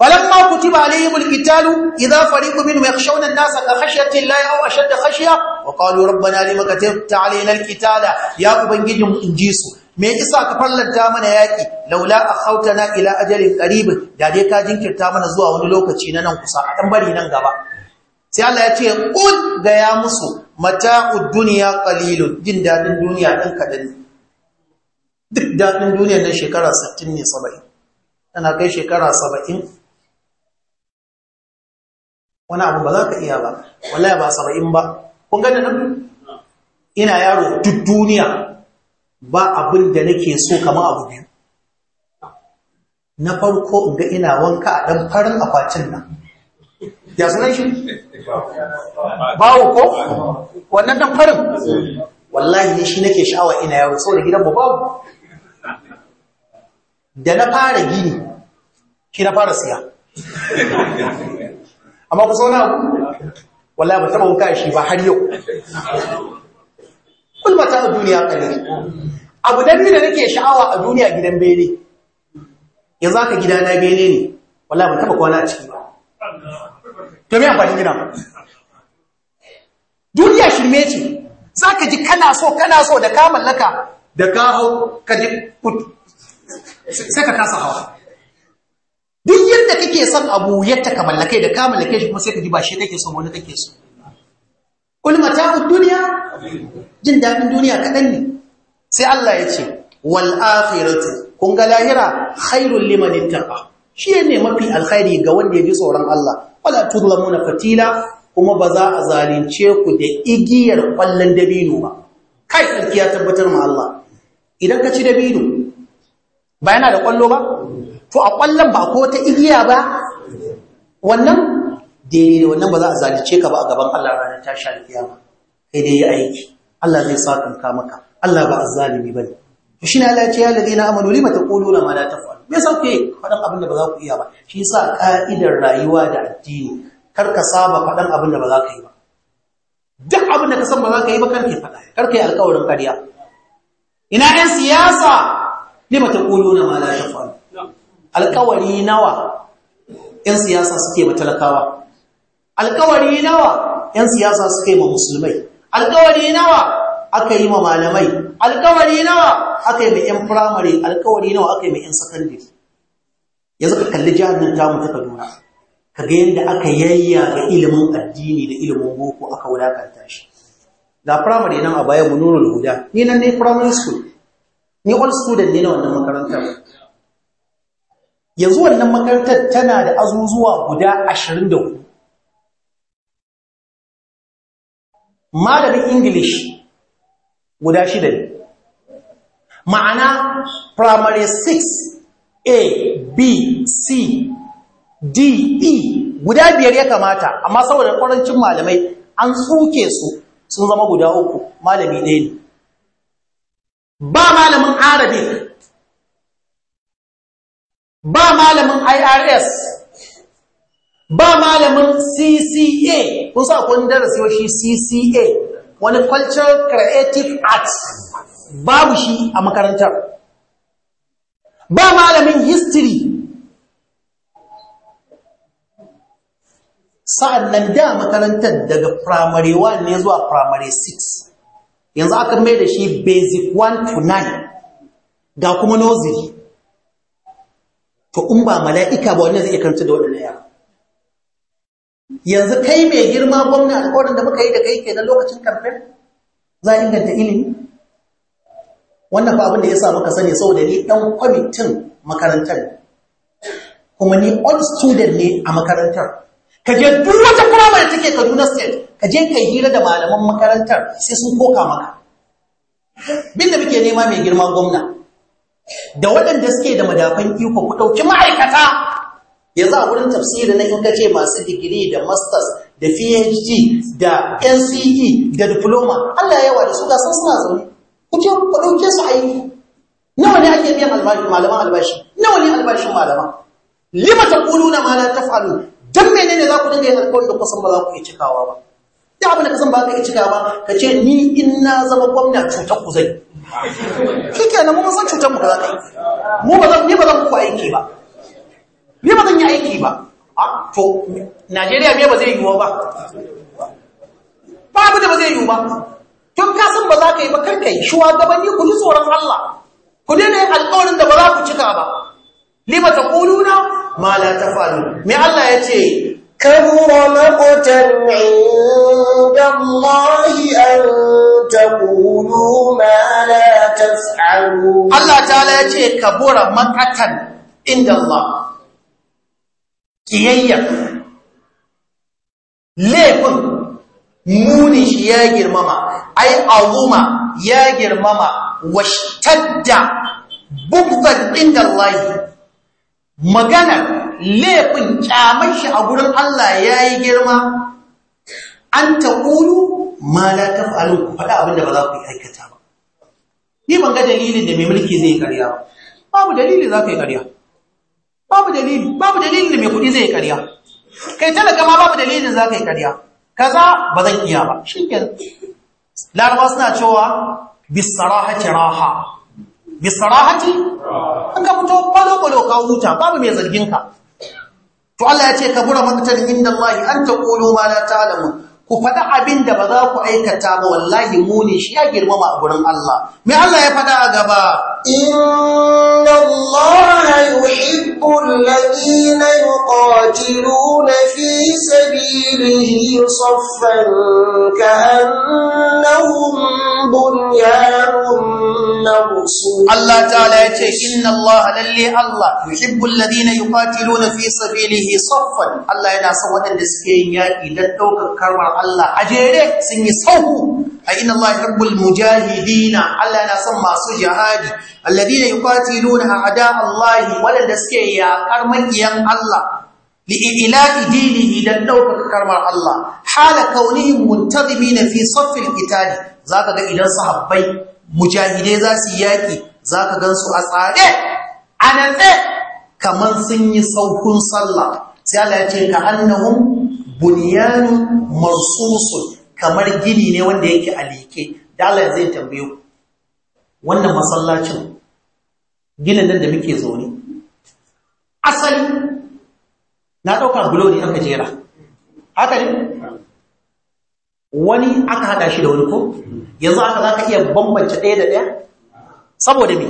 falamma kutiba alaihimul qitalu idza fariqu minhum yakhshawna an-nasa ka khashyati llahi aw ashadda khashya wa qalu rabbana lima katabta alaina alqitala ya ubangijin inji su me yasa ka fallanta mana yaki laula akhautana ila ajalin qarib da dai ka jinkirta mana zuwa wani lokaci na nan kusa a bari nan gaba sai Allah ya ce qul ga ya musu mata'ud dunya qalilun jin dadin duniya din kadan duk dadin duniyar nan shekara 60 ne 70 tana kai shekara 70 wani abu ba za ka iya ba wallahi ba 70 ba kun ga da ina yaro duk duniya ba abin da nake so kama abu biyu na farko ga ina wanka a ɗan farin akwatin nan ya sunan shi bawo ko wannan ɗan farin wallahi ne shi nake sha'awa ina ya da gidan babu da na fara gini ki na fara siya amma ku sauna wallahi ba taɓa wanka shi ba har yau kulmata a duniya ƙarfi abu dan da nake sha'awa a duniya gidan bene yanzu aka gida na bene ne wallahi ban taba kwana ciki ba to me amfanin gida duniya shirme ce zaka ji kana so kana so da ka mallaka da ka hau ka ji put sai ka kasa hawa duk yadda kake son abu yadda ka mallake da ka mallake shi kuma sai ka ji ba shi kake so wani kake so kul mata'ud dunya jin dadin duniya kadan ne sai Allah ya ce wal akhiratu kun ga lahira khairul liman ittaqa shi ne mafi alkhairi ga wanda ya ji tsoron Allah wala tudlamuna fatila kuma ba za a zalunce ku da igiyar kwallon dabino ba kai sarki ya tabbatar ma Allah idan ka ci dabino ba yana da kwallo ba to a ƙwallon ba ko ta igiya ba wannan daidai wannan ba za a zalice ka ba a gaban Allah ranar tashi alkiyama kai dai yi aiki Allah zai sakanka maka Allah ba azzalimi bane to shi shine Allah ya ce ya ladina amanu lima taquluna ma la taf'al me yasa kuke faɗan abin da ba za ku iya ba shi yasa ka'idar rayuwa da addini kar ka saba faɗan abin da ba za ka yi ba duk abin da ka san ba za ka yi ba kar ka faɗa kar ka yi alƙawarin ƙarya ina 'yan siyasa lima taquluna ma la taf'al alƙawari nawa 'yan siyasa suke ba talakawa alkawari nawa ‘yan siyasa suka yi ma musulmai alkawari nawa aka yi ma malamai alkawari nawa aka yi ma ‘yan firamare alkawari nawa aka yi ma ‘yan sakandare Ya ka kalli jihar ta tamu ta kaduna ka ga yadda aka yayya ga ilimin addini da ilimin boko aka wulakanta shi ga firamare nan a baya mu nuna huda ni nan ne firamare school ni all student ne na wannan makarantar yanzu wannan makarantar tana da azuzuwa guda 24 malamin english guda shida ne ma'ana primary 6 a b c d e guda biyar ya kamata amma saboda ƙwarancin malamai an tsuke su sun zama guda uku malami ɗaya ne ba malamin arabic ba malamin irs ba malamin CCA kun sa kun darasi wa shi CCA wani cultural creative arts babu shi a makarantar ba malamin history sa'an nan da makarantar daga primary 1 ne zuwa primary 6 yanzu aka mai da shi basic 1 to 9 ga kuma noziri to in ba mala'ika ba wanda zai iya karanta da waɗanda yara yanzu kai mai girma gwamna alƙawarin da muka yi da kai ke na lokacin kamfen za a inganta ilimi wannan ba abin da ya sa muka sani saboda ni ɗan kwamitin makarantar kuma ni all student ne a makarantar ka je duk wata firamare take kaduna state ka je ka hira da malaman makarantar sai sun koka maka bin da muke nema mai girma gwamna da waɗanda suke da madafan iko ku ɗauki ma'aikata yanzu a wurin tafsiri na in ka ce masu digiri da masters da phd da nce da diploma allah yawa da su gasar suna zaune ku ce ku ɗauke su aiki nawa ne ake biyan malaman albashi nawa ne albashin malaman lima ta kuluna ma la taf'alu dan menene za ku dinga yin alƙawarin da kusan ba za ku yi cikawa ba da abin da kasan ba ka yi cikawa ba ka ce ni in na zama gwamna cutar ku zai shi ke nan mun san cutar mu ba za ka yi mu ba zan ni ba zan ku aiki ba Me ba zan yi aiki ba a to najeriya me ba zai yiwu ba ba abu da ba zai yiwu ba tun kasan ba za ka yi ba karkai yi shugabanni ku ji tsoron allah ku daina yin alƙawarin da ba za ku cika ba lima ta ƙuluna ma la ta faru me allah ya ce كبر مقتا عند الله أن تقولوا ما لا تفعلون الله تعالى يقول كبر مقتا عند الله ƙiyayya laifin munin shi ya girmama ai azuma ya girmama washtadda bugdan inda Allah magana laifin kyaman shi a gurin Allah yayi girma an taqulu ma la taf'alu faɗa abinda ba za ku aikata ba ni ban ga dalilin da mai mulki zai karya ba babu dalili za ka yi karya babu dalili babu dalilin da mai kuɗi zai yi ƙarya kai talaka ma babu dalilin za ka yi kariya kaza ba zan iya ba shi ke suna cewa bisarahati raha bisarahati an ka fito kwalo-kwalo ka huta babu mai zargin ka to Allah ya ce ka bura makatar inda Allah an ta ƙolo ma na talamu ku faɗa abin da ba za ku aikata ba wallahi muni shi ya girmama a gurin Allah. Me Allah ya faɗa a gaba? Inna Allah yuhibbu alladhina yuqatiluna fi sabilihi saffan ka'annahum bunyanun marsus. Allah ta'ala ya ce inna Allah lalle Allah yuhibbu alladhina yuqatiluna fi sabilihi saffan. Allah yana son waɗanda suke yin yaƙi don ɗaukar karmar Allah a jere sun yi sauku a inna Allah yuhibbul mujahidina Allah yana son masu jihadi alladina yuqatiluna a'da Allah wanda suke yakar makiyan Allah li'ila'i dinihi dan ɗaukaka karmar Allah hala kaunihim na fi saffil Za zaka ga idan sahabbai mujahidai za su ka gan su a tsare a natse kaman sun yi saukun sallah sai Allah ya ce ka annahum bunyanun mansusun kamar gini ne wanda yake a leke dala zai tambaye ku wannan masallacin ginin nan da muke zaune asali na ɗauka bulo an aka jera haka ne wani aka haɗa shi da wani ko yanzu aka za ka iya bambance ɗaya da ɗaya saboda me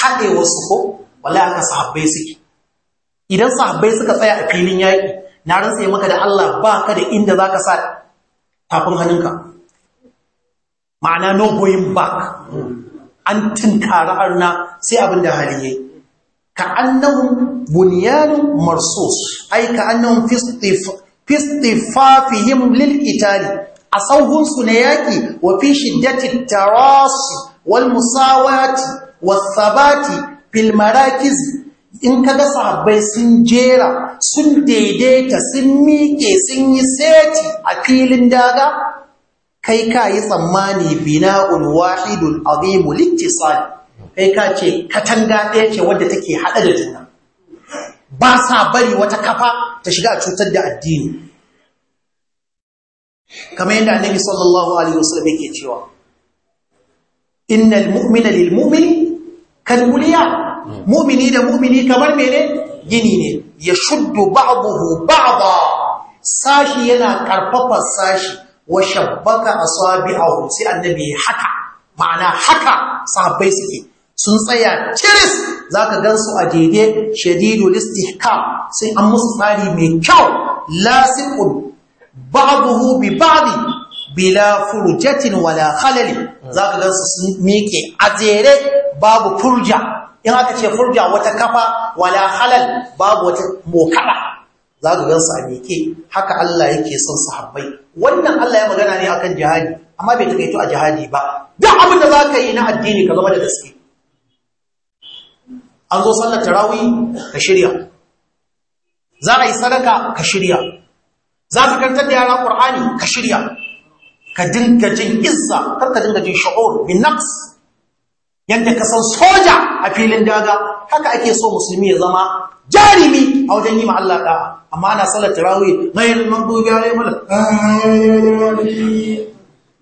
haɗe wasu ko wala aka sahabbai suke idan sahabbai suka tsaya a filin yaƙi na rantsa maka da Allah ba ka da inda za ka sa tafin hannunka ma'ana no going back an tunkara arna sai abin da hali yayi ka annahum bunyanun marsus ai ka annahum fistifafihim lil itali a sauhunsu na yaƙi wa fi shiddatit tarasi wal musawati wa sabati filmarakizi. in ka ga sahabbai sun jera sun daidaita sun miƙe sun yi seti a filin daga kai ka yi tsammani bina'ul wahidul azimul ittisal kai ka ce katanga ɗaya ce wadda take haɗa da juna ba sa bari wata kafa ta shiga a cutar da addini kamar yadda annabi sallallahu alaihi wasallam yake cewa innal mu'mina lil mu'mini kal mumini da mumini kamar mene gini ne ya shuddu ba'dahu ba'da sashi yana karfafa sashi wa shabbaka asabi'ahu sai annabi haka ma'ana haka sahabbai suke sun tsaya kiris zaka gansu a daidai shadidul istihkam sai an musu tsari mai kyau lasiqun ba'dahu bi ba'di bila furjatin wala khalali zaka gansu sun miƙe a jere babu furja in aka ce furja wata kafa wala halal babu wata mokaba za ka gan sa meke haka Allah yake son sahabbai wannan Allah ya magana ne akan jihadi amma bai takaito a jihadi ba duk abin da za ka yi na addini ka zama da gaske an zo sallar tarawih ka shirya za a yi sadaka ka shirya za su kantar da yara Kur'ani, ka shirya ka dinga jin izza kar ka dinga jin sha'ur bin nafs yadda ka san soja a filin daga haka ake so musulmi ya zama jarimi a wajen yi Allah da'a amma ana salar tarawih ghayr maghdubi alayhim wala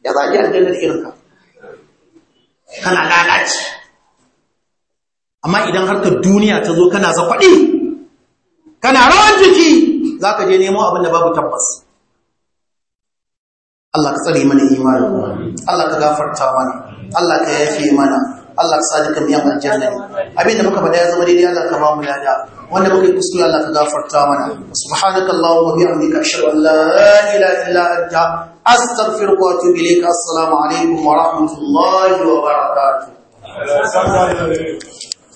ya za ji aljanna irin ka kana lalaci amma idan harkar duniya ta zo kana zakwaɗi kana rawan jiki za ka je nemo abin da babu tabbas Allah ka tsare mana imanin Allah ka gafarta mana Allah ka yafe mana Allah ka sa dukkan niyan aljanna abin da muka faɗa ya zama daidai Allah ka ba mu lada wanda muka yi kuskure Allah ka gafarta mana subhanaka allahumma bihamdika ashhadu an la ilaha illa anta astaghfiruka wa atubu ilayka assalamu alaikum wa rahmatullahi wa barakatuh